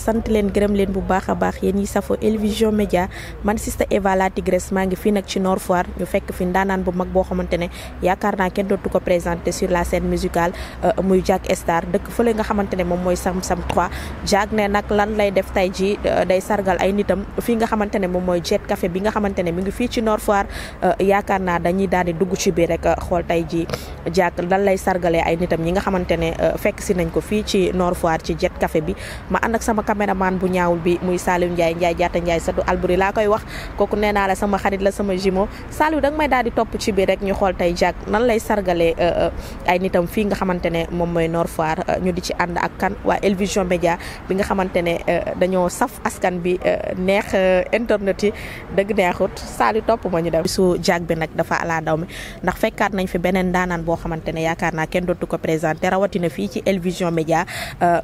sant leen gërëm leen bu baax a baax yéen ñi safo Elvision Média man sista Eva la Tigresse maa ngi fii nag ci Nord ñu fekk fi ndaanaan bu mag boo xamante ne yaakaar naa kenn dootu ko présenté sur la scène musicale euh, muy Jack Star dëkk fële nga xamante ne moom mooy Sam Sam 3 Jack ne nag lan lay def tay ji euh, day sargal ay nitam fii nga xamante ne moom mooy Jet Café bi nga xamante ne mi ngi fii ci Nord Foire euh, yaakaar naa dañuy daal di dugg ci biir rek xool tay ji Jack lan lay sargalee ay nitam ñi nga xamante ne fekk si nañ ko fii ci Nord Foire ci Jet kafe bi ma sama caméraman bu ñaawul bi muy Saliou Ndiaye Ndiaye jaata Ndiaye satu Albouri laa koy wax kooku nee naa la sama xarit la sama jimo Saliou da may daal di topp ci biir rek ñu xool tey Jack nan lay sargalee euh, euh, ay nitam fii nga xamante ne moom mooy Nord Foire euh, ñu di ci ànd ak kan waa Elvision Média bi nga xamante ne dañoo saf askan bi neex internet yi dëgg neexut Saliou topp ma ñu dem su Jack bi nag dafa alaa mi ndax fekkaat nañ fi beneen daanaan boo xamante ne yaakaar naa kenn dootu ko présenté rawatina fii ci Elvision Média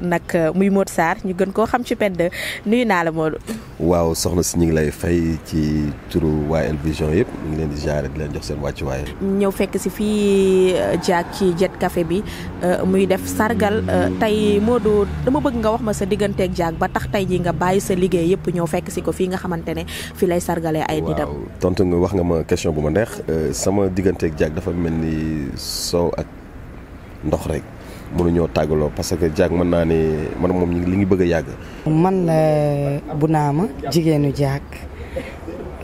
nag muy Modou Sarr ñu gën ko xam ci pedd nuyu naa la Modou. waaw soxna si ñu ngi lay fay ci turu waa El Vision yëpp ñu leen di jaare di leen jox seen wàccuwaay. ñëw fekk si fii euh, Diack ci Jet kafe bi euh, muy def sargal euh, tey Modou dama bëgg nga wax ma sa digganteeg Diack ba tax tey ji nga bàyyi sa liggéey yëpp ñëw fekk si ko fii nga xamante ne fii lay sargalee ay nitam. waaw tontu nga wax nga ma question bu ma neex sama digganteeg Diack dafa mel ni soow ak ndox rek. mënuñoo tàggaloo parce que Diack mën naa ne man moom li ngi bëgg a yàgg. man la Bounama jigéenu Diack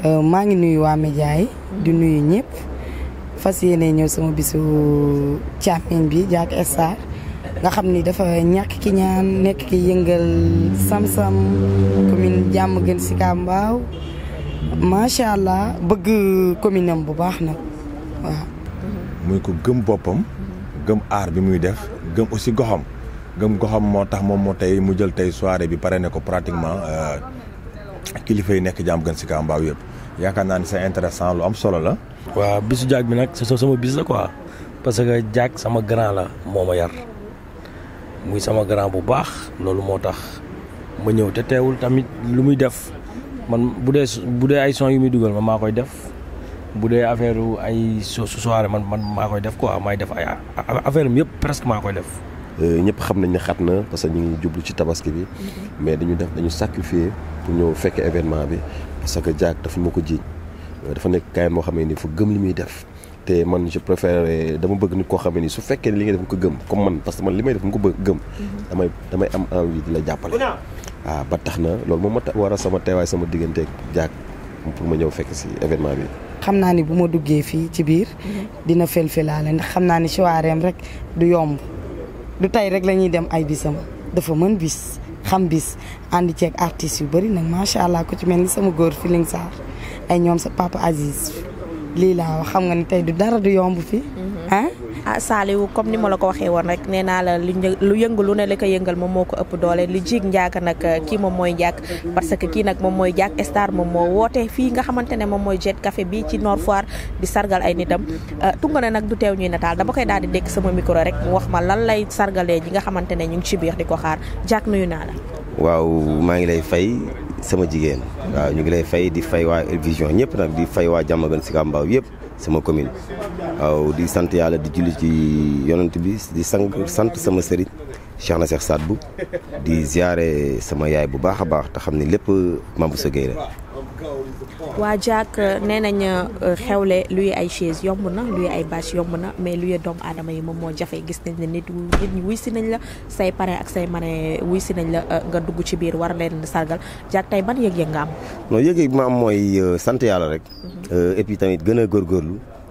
euh, maa ngi nuyu waa média di nuyu ñëpp fas yéene ñëw sama bisu càmmiñ bi Diack Star nga xam ni dafa ñàkk ki ñaan nekk ki yëngal samsam sam jàmm gën si Kambaaw macha allah bëgg commune am bu baax nag waaw. muy ko gëm boppam gëm aar bi muy def. gëm aussi goxam gëm goxam moo tax moom moo tey mu jël tay soirée bi paré ne ko pratiquement euh kilifa yi nek jaam gën ci kaa mbaw yépp yaakaar naa ni c'est intéressant lu am solo la. waaw bisu jaag bi nag c'est sama bis la quoi parce que jaag sama grand la moo ma yar muy sama grand bu baax loolu moo tax ma ñëw te teewul tamit lu muy def man bu dee bu dee ay son yu muy dugal ma maa koy def. bu dee affaire ay so soirée man man maa koy def ko maay def ay affaire am yëpp presque maa koy def. Euh, ñëpp xam nañ ne xat na parce que ñu ngi jublu ci tabaski bi. Mm-hmm. mais dañu def dañu sacrifier pour ñëw fekkee événement bi parce que jaag dafa ma ko euh, dafa nekk kaay moo xam ne nii fa gëm li muy def. te man je préfère euh, dama bëgg nit koo xam ne nii su fekkee ne li ko gëm comme man parce que man li may def mu ko bëgg gëm. Mm-hmm. damay damay am envie di la jàppale. waaw ah, ba tax na loolu moom ma war a sama teewaay sama digganteeg jaag pour ma ñëw fekk si événement bi. xam naa ni bu ma duggee fii ci biir mhm. dina felfelaale ndax xam naa ni soiréem rek du yomb du tey rek lañuy dem ay bisam dafa mën bis xam bis ànd ceeg artistes yu bëri nag macha allah ku ci mel ni sama góor Feeling Sarr ay ñoom sa papa Aziz lii laa wax xam nga ni tey du dara du yomb fii ah ah Saliou comme ni ma la ko waxee woon rek nee naa la lu yëngu lu ne la ko yëngal moom moo ko ëpp doole li jiig njaaka nag eh, kii moom mooy njaak parce que kii nag moom mooy njaak star moom moo woote fii nga xamante ne moom mooy jet café bi ci Nord Foire di sargal ay nitam eh, tunga na nag du teew ñuy nataal dama koy daal di dékk sama micro rek wax ma lan lay sargalee ji nga xamante ne ñu ngi ci biir di ko xaar jaak nuyu naa la waaw maa ngi lay fay sama jigéen waaw ñu ngi lay fay di fay waa El ñëpp nag di fay waa Diamaguène Sicap Mbao yëpp sama commune waaw di sant yàlla di julli ci yonent bi di sang sant sama sëriñ Cheikh na Cheikh Sadbou di ziare sama yaay bu baax a baax te xam ne lépp Mame Bousso Gueye la waa Diack nee nañ euh, xewle luy ay chaise yomb na luy ay bâche yomb na mais luy doomu aadama yi moom moo jafe gis nañ ne nit nit wuy si nañ la say parrain ak say marraine wuy si nañ la euh, nga dugg ci biir war leen sargal Diack tey ban yëg-yëg nga am. non yëg-yëg ma am mooy euh, sant yàlla rek. Mhm. et tamit gën a góorlu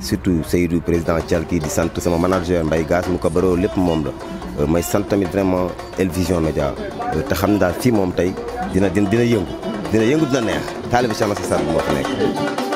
surtout le président qui di sama manager Mbaye Gass mu ko baro lepp mom la euh, may vraiment El Vision Média euh, te xam je suis fii dina dina dina dina neex Cheikh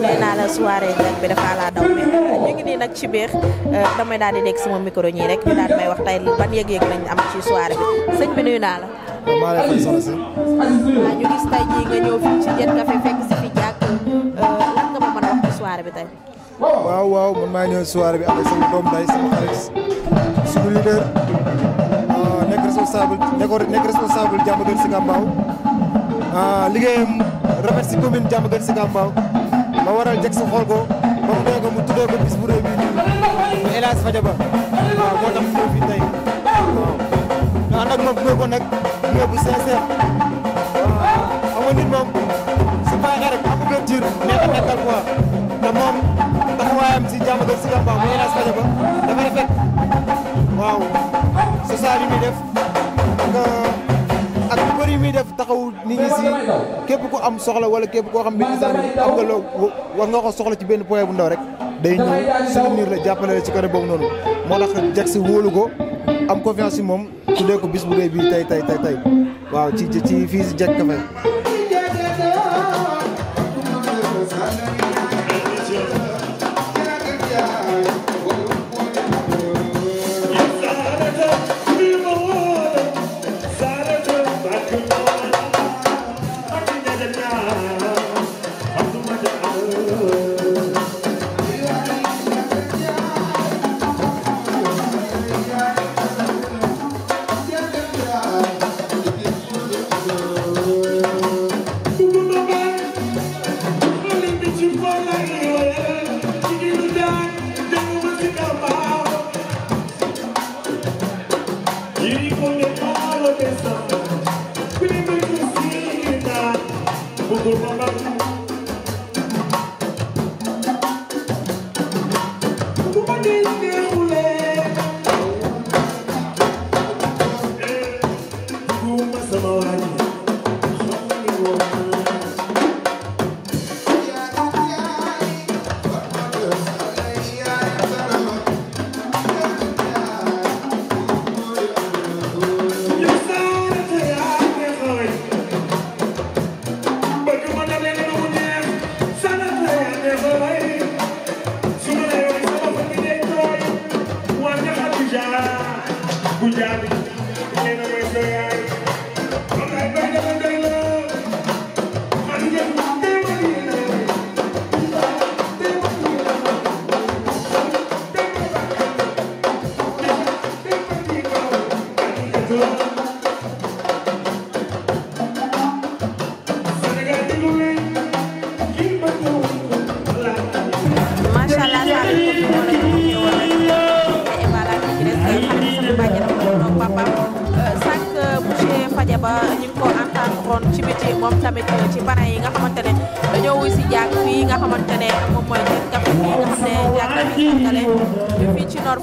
nee naa la soirée nag bi dafa laa daw mais ñu ngi nii nag ci biir euh, damay daal di dégg sama micro ñii rek ñu daal may wax tey ban yëg-yëg lañ am ci soirée bi sëñ bi nuyu naa la. maa ngi lay fay soxna si. ñu gis tey jii nga ñëw fii ci Jet Café fekk si fi jàkk euh, lan nga ma mën a wax ci soirée bi tey. waaw waaw man maa ngi ñëw soirée bi ak sama doom day sama xarit suñu leader euh, nekk responsable nekk responsable Diamaguène Sicap Mbao liggéeyam rafet si commune Diamaguène Sicap Mbao ba waral jeg sa xool ko ba mu doon ko mu tuddee ko bis bu rëy bii nii waaw moo tax ñu fi tey waaw. ñu ànd moom gunóor ko nag gunóor bu sincère xam nga nit moom su baaxee rek am ouverture neex a nekkal quoi te moom taxawaayam si jàmm si gàmbaaw mooy El Hadj dafa rafet waaw social yi def. muy def taxaw nit ñi si képp ku am soxla wala képp koo xam ne instant bi nga loo war nga ko soxla ci benn point bu ndaw rek day ñëw soutenir la jàppale la ci côté boobu noonu moo tax si wóolu ko am confiance ci moom tuddee ko bis bu rëy bi tey tey tey tey waaw ci ci fii si Jax Café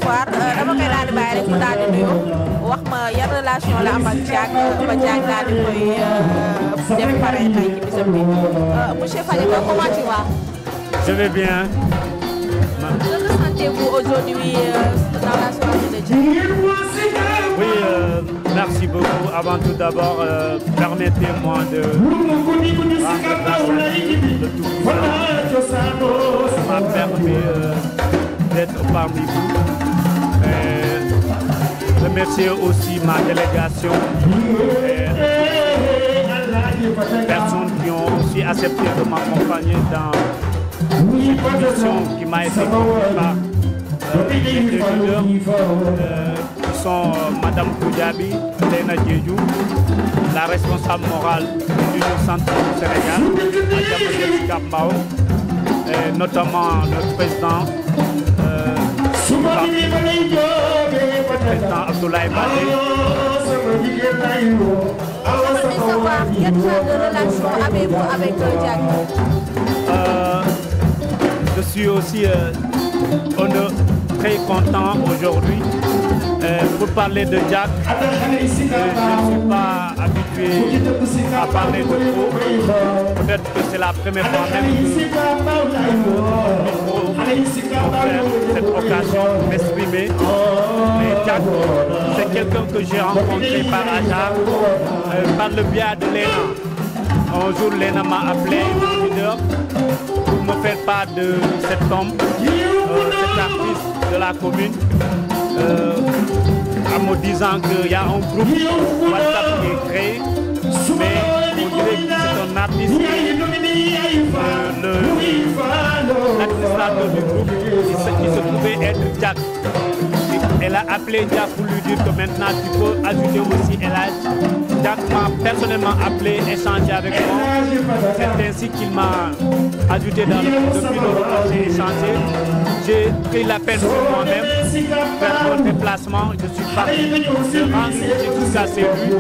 voir euh, dama koy daal di bàyyi rek mu daal di nuyu wax ma yan relation la am ak Diack ba Diack daal di koy euh, def pare tey ci bisam bi euh, monsieur Fadiga comment tu vas. je vais bien. que ressentez-vous aujourd'hui dans la soirée de Diack. oui euh, merci beaucoup avant tout d'abord euh, permettez-moi de rendre grâce de tout ça m'a permis euh, d'être parmi vous. Je remercie aussi ma délégation, les personnes qui ont aussi accepté de m'accompagner dans une mission qui m'a été confiée par euh, les deux leaders, euh, qui sont euh, Madame Koujabi, Lena Djedjou, la responsable morale du centre du Sénégal, Madame Gambao, et notamment notre président euh, je suis aussi euh, très content aujourd'hui euh, pour parler de Jack à parler de vous. Peut-être que c'est la première fois même que faire cette occasion de m'exprimer. Mais c'est quelqu'un que j'ai rencontré par hasard, euh, par le biais de Léna. Un jour, Léna m'a appelé une heure pour me faire part de cet homme, euh, cet artiste de la commune. Euh, en me disant qu'il y a un groupe WhatsApp qui est créé l'administrateur du groupe qui se trouvait être Jack. Elle a appelé Jack pour lui dire que maintenant tu peux ajouter aussi Elage. Jack m'a personnellement appelé, échangé avec moi. C'est ainsi qu'il m'a ajouté dans le groupe. Depuis lors, j'ai échangé j'ai pris la peine moi-même, faire mon déplacement, je suis parti de j'ai tout ça c'est vu.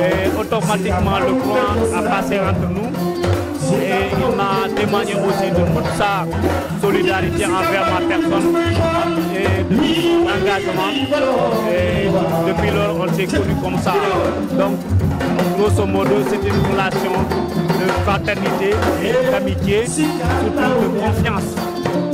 Et automatiquement le courant a passé entre nous. Et il m'a témoigné aussi de toute sa solidarité envers ma personne et de son engagement. Et depuis lors, on s'est connu comme ça. Donc, grosso modo, c'est une relation de fraternité et d'amitié, de confiance.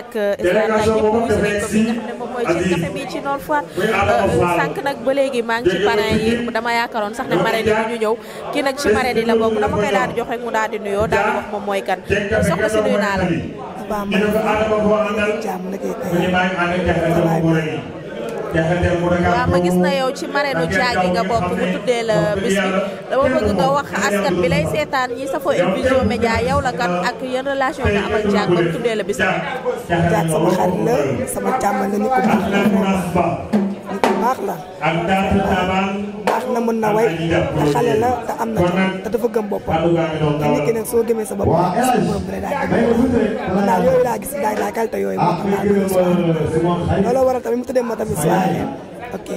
ak Israël moom gis nañ ko ci café bi nag ba léegi maan ngi ci parrain yi dama yaakaaroon sax ne marraine yi ñu ñëw kii nag ci marraine yi la bokk dama koy daal di mu daal di nuyoo daal moom mooy kan soxna si nuyu naa la. waaw ma gis na yow ci mareenu jaagi nga bokk mu tuddee la bis bi dama bëgg nga wax askan bi lay seetaan ñi safoo El Vision Médias la kan ak yan relation nga am ak jaag ba tuddee la bis bi. jaag sama xarit la sama càmm la ñu ko baax na mën na way te xale la te am na te dafa gëm boppam te nit ki nag soo gëmee sa bopp suñu borom bi daal mën naa yooyu laa gis daal laa qualité yooyu moo xam naa lu loolu waral tamit mu tuddee ma tamit soirée ok